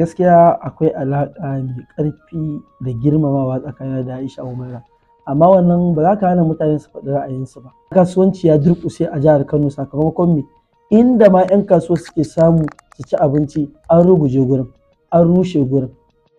gaskiya akwai alaƙa mai ƙarfi da girmamawa tsakanin da Aisha Umaira amma wannan ba za ka hana mutane su faɗi ra'ayinsu ba kasuwanci ya durƙuse a jihar Kano sakamakon me inda ma 'yan kasuwa suke samu su ci abinci an ruguje gurin an rushe gurin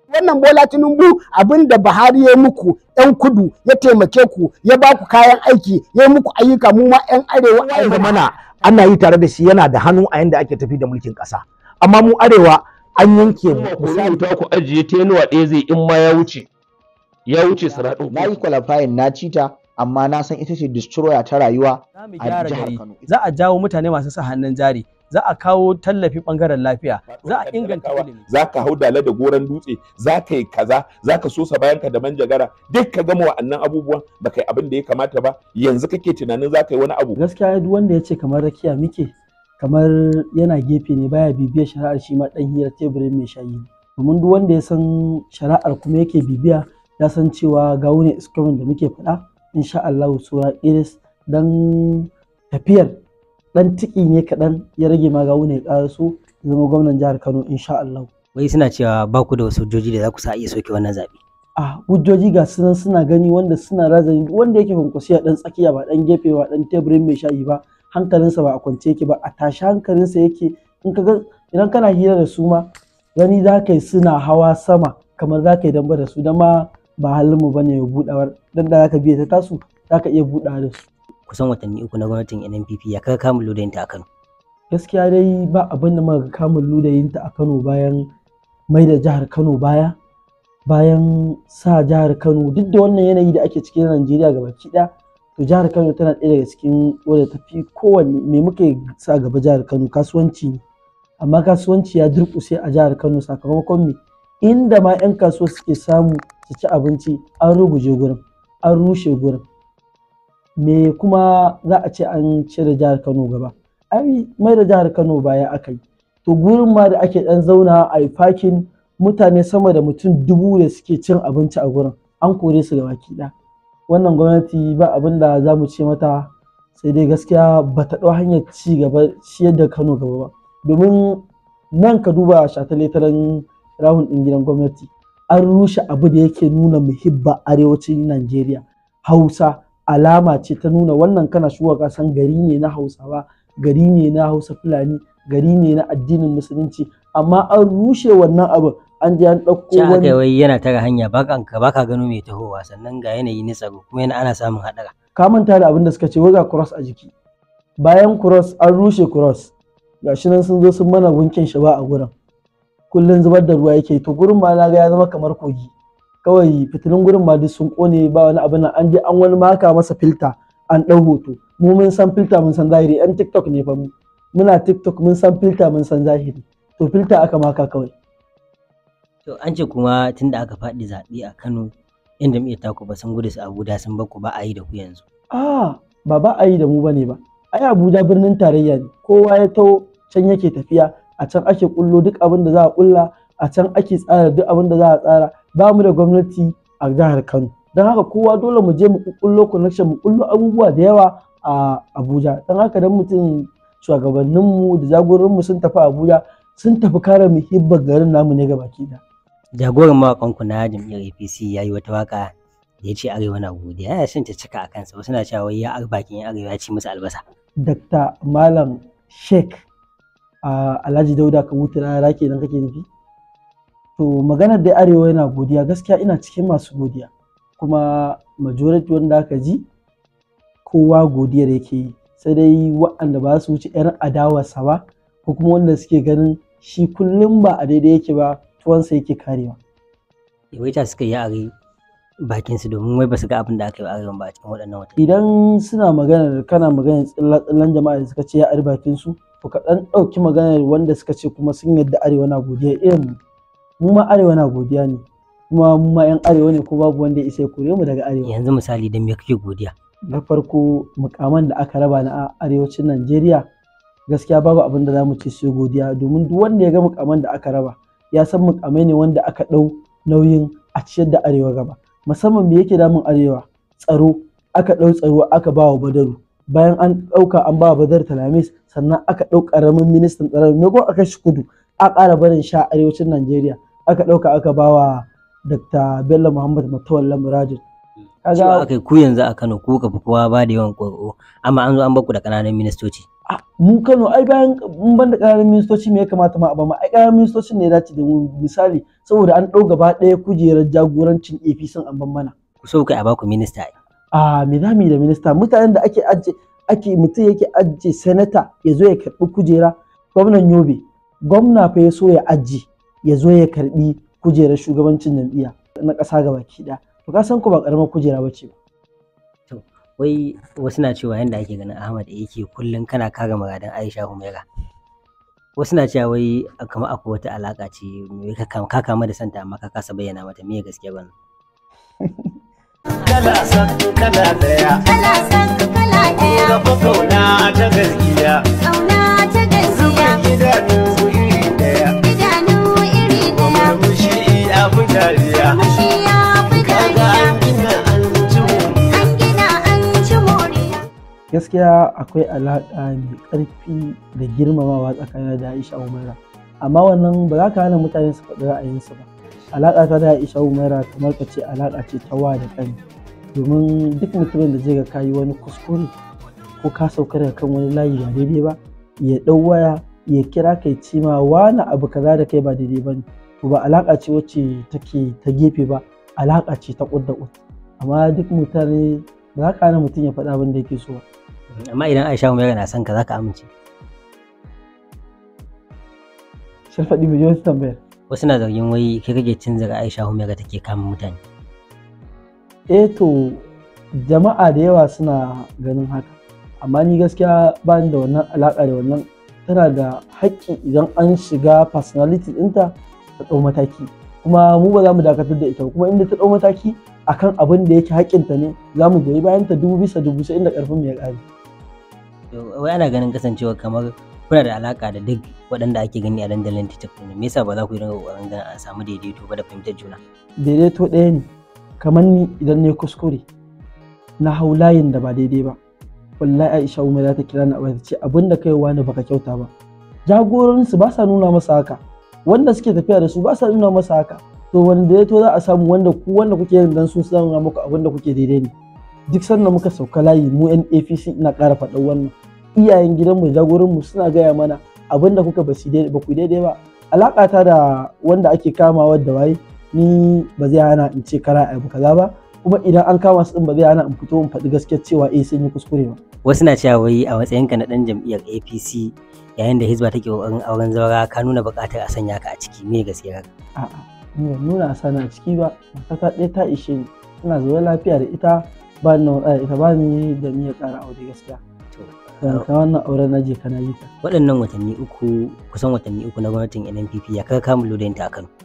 wannan Bola Tinubu abin da Buhari ya muku yan kudu ya taimake ku ya ba ku kayan aiki ya muku ayyuka mu ma yan arewa ai mana ana yi tare da shi yana da hannu a yanda ake tafi da mulkin ƙasa amma mu arewa an yanke mu misali ta ku ajiye yanuwa ɗaya zai in ma ya wuce ya wuce na yi qualifying na cita amma na san ita ce destroyer ta rayuwa a jihar Kano za a jawo mutane masu sa hannun jari za a kawo tallafi bangaren lafiya za a inganta ilimi za ka hau dala da goran dutse za ka yi kaza za ka sosa bayanka da manjagara duk ka gama wa'annan abubuwan ba kai abin da ya kamata ba yanzu kake tunanin za ka yi wani abu gaskiya duk wanda ya ce kamar rakiya muke kamar yana gefe ne baya bibiyar shari'ar shi ma dan hira teburin mai shayi domin duk wanda ya san shari'ar kuma yake bibiya ya san cewa ga wani iskomin da muke faɗa insha Allah sura iris dan tafiyar dan tiki ne kaɗan ya rage ma ga wani ya ƙaraso zama gwamnan jihar Kano insha Allah wai suna cewa ba ku da wasu hujjoji da za ku sa iya soke wannan zaɓe a hujjoji ga sunan suna gani wanda suna razani wanda yake kwankwasiya dan tsakiya ba dan gefe ba dan teburin mai shayi ba hankalinsa ba a kwance yake ba a tashi hankalinsa yake in ka ga idan kana hira da su ma gani za ka yi suna hawa sama kamar za ka yi damba da su don ma ba mu ba ne buɗawar dan da za ka biya ta tasu za ka iya buɗawa da su. kusan watanni uku na gwamnatin NNPP ya kaga kamun ludayinta a Kano. gaskiya dai ba abin da muka kamun ludayinta a Kano bayan mai da jihar Kano baya bayan sa jihar Kano duk da wannan yanayi da ake cikin Najeriya gabaki ɗaya to jihar Kano tana ɗaya daga cikin wadda ta fi kowanne me muke sa gaba jihar Kano kasuwanci ne amma kasuwanci ya durƙuse a jihar Kano sakamakon me inda ma 'yan kasuwa suke samu su ci abinci an ruguje gurin an rushe gurin me kuma za a ce an cire jihar Kano gaba ai mai da jihar Kano baya aka yi to gurin ma da ake ɗan zauna a yi fakin mutane sama da mutum dubu da suke cin abinci a gurin an kore su gaba ɗaya wannan gwamnati ba abin da za mu ce mata sai dai gaskiya ba ta ɗau hanyar ci gaba ciyar da kano gaba ba domin nan ka duba shataletaren rahun ɗin gidan gwamnati an rushe abu da yake nuna muhibba arewacin najeriya hausa alama ce ta nuna wannan kana shuwa kasan gari ne na hausawa gari ne na hausa fulani gari ne na addinin musulunci amma an rushe wannan abu an je an ɗauko wani ja wai yana tara hanya ba ka baka gano mai tahowa sannan ga yanayi na tsaro kuma yana ana samun haɗara ka manta da abin da suka ce waga cross a jiki bayan cross an rushe cross shi nan sun zo sun mana gunkin shi ba a gurin kullun zubar da ruwa yake to gurin ma na ga ya zama kamar kogi kawai fitilun gurin ma duk sun kone ba wani abin nan an je an wani maka masa filta an ɗau hoto mu mun san filta mun san zahiri yan tiktok ne fa mu muna tiktok mun san filta mun san zahiri to filta aka maka kawai To an ce kuma tun da aka faɗi zaɓe a Kano yan jam'iyyar taku ba sun gudu su Abuja sun baku ba a yi da ku yanzu. Ah ba ba a yi da mu ba ne ba. Ai Abuja birnin tarayya ne kowa ya taho can yake tafiya a can ake kullo duk abin da za a kulla a can ake tsara duk abin da za a tsara ba mu da gwamnati a jihar Kano. Don haka kowa dole mu je mu kullo connection mu kullo abubuwa da yawa a Abuja. Don haka dan mutum shugabanninmu da jagoranmu sun tafi Abuja sun tafi kare muhibbar garin namu ne gabaki ɗaya. jagoran mawaƙanku na jam'iyyar apc ya yi wata waka da ya ce arewa na godiya ya shan ta cika a kansa wasu na cewa ya arbakin ya arewa ya ci musu albasa dakta malam sheik alhaji dauda ka wuce rana kenan kake nufi to maganar da arewa yana godiya gaskiya ina cikin masu godiya kuma majority wanda aka ji kowa godiya da yake yi sai dai waɗanda ba su wuce 'yan adawa ba ko kuma wanda suke ganin shi kullum ba a daidai yake ba tuwansa yake karewa yawaita suka yi are bakin su domin wai basu ga abin da aka yi arewa ba a cikin waɗannan wata idan suna magana kana magana tsallan jama'a da suka ce ya are bakin su to ka ɗan ɗauki maganar wanda suka ce kuma sun yadda arewa na godiya irin mu ma arewa na godiya ne kuma mu ma yan arewa ne ko babu wanda ya isa ya kore mu daga arewa yanzu misali dan me kake godiya na farko mukaman da aka raba na arewacin Najeriya gaskiya babu abin da za mu ce sai godiya domin duk wanda ya ga mukaman da aka raba ya san mukamai ne wanda aka ɗau nauyin a ciyar da arewa gaba musamman me yake damun arewa tsaro aka ɗau tsaro aka ba wa badaru bayan an ɗauka an ba wa badar talamis sannan aka ɗau ƙaramin ministan tsaro me ko aka shi kudu a ƙara barin sha arewacin najeriya aka ɗauka aka ba wa dr bello muhammad matawalla muradin kaga aka ku yanzu a kano ku ka fi kowa ba da yawan ƙwarƙo amma an zo an baku da ƙananan ministoci mu Kano ai bayan mun banda ƙaramin ministoci me ya kamata ma a ba mu ai ƙaramin ministocin ne ya dace da misali saboda an ɗau gaba ɗaya kujerar jagorancin APC an ban mana ku so kai a baku minista a me za mu yi da minista mutanen da ake ajje ake mutum yake ajje senator ya zo ya karɓi kujera gwamnan Yobe gwamna fa ya so ya ajje ya zo ya karɓi kujerar shugabancin jam'iyya na ƙasa gabaki ɗaya Ba ka san ku ba ƙaramar kujera bace ba wai wasu na cewa yadda ake ganin Ahmad yake kullum kana kare muradan Aisha Humaira wasu na cewa wai kamar akwai wata alaka ce ka kama da santa amma ka kasa bayyana mata me gaske ba. kala san kala daya kala san kala daya ga ta gaskiya gaskiya akwai alaƙa mai ƙarfi da girmamawa tsakanin da Aisha Umaira amma wannan ba za ka hana mutane su faɗi ra'ayinsu ba alaƙa ta da Aisha Umaira kamar ka ce alaƙa ce ta wa da kani domin duk mutumin da zai ga kayi wani kuskure ko ka sauka daga kan wani layi ba daidai ba ya ɗau waya ya kira kai ce ma wani abu kaza da kai ba daidai ba ne to ba alaƙa ce wacce take ta gefe ba alaƙa ce ta ƙudda ƙudda amma duk mutane ba za ka hana mutum ya faɗa abin da yake so ba amma idan aisha mu na son ka zaka ka amince Shafaɗi mu yi tambayar wasu na zargin wai kai kake cin zaga aisha umaira take kama mutane eh to jama'a da yawa suna ganin haka amma ni gaskiya ba ni da wannan alaka da wannan tana da haƙƙi idan an shiga personality ɗinta ta ɗau mataki kuma mu ba za mu dakatar da ita kuma inda ta ɗau mataki akan abin da yake haƙƙinta ne za mu goyi bayan ta dubu bisa dubu sai inda ƙarfin mu ya ƙare. wai ana ganin kasancewa kamar kuna da alaka da duk waɗanda ake gani a dandalin TikTok ne me yasa ba za ku dinga kokarin ganin a samu daidaito ba da fahimtar juna daidaito ɗaya ne kamar ni idan ne kuskure na hau layin da ba daidai ba wallahi Aisha Umar za ta kira ni a waya ce abin da kai wani baka kyauta ba jagoransu ba sa nuna masa haka wanda suke tafiya da su ba sa nuna masa haka to wanda daidaito za a samu wanda ku wanda kuke yin dan su nuna muku abin da kuke daidai ne duk sanda muka sauka layi mu yan apc ina ƙara faɗar wannan iyayen gidanmu jagoranmu suna gaya mana abin da kuka ba ku daidai ba alaƙa ta da wanda ake kamawa da waye ni ba zai hana in ce kara abu kaza ba kuma idan an kama su din ba zai hana in fito in faɗi gaskiyar cewa eh sun yi kuskure ba wasu na cewa wai a ka na ɗan jam'iyyar APC yayin da Hizba take kokarin auren zaura ka nuna buƙatar a sanya ka a ciki me gaskiya a'a ni ban nuna a sana a ciki ba kasa ɗaya ta ishe ni ina zaune lafiya da ita ba ni na ita eh, ba ni da niyyar ƙara aure gaskiya yanka eh, wannan auren na je kana yi ta waɗannan watanni uku kusan watanni uku na gwamnatin NNPP ya kaka kamun lodayin ta a Kano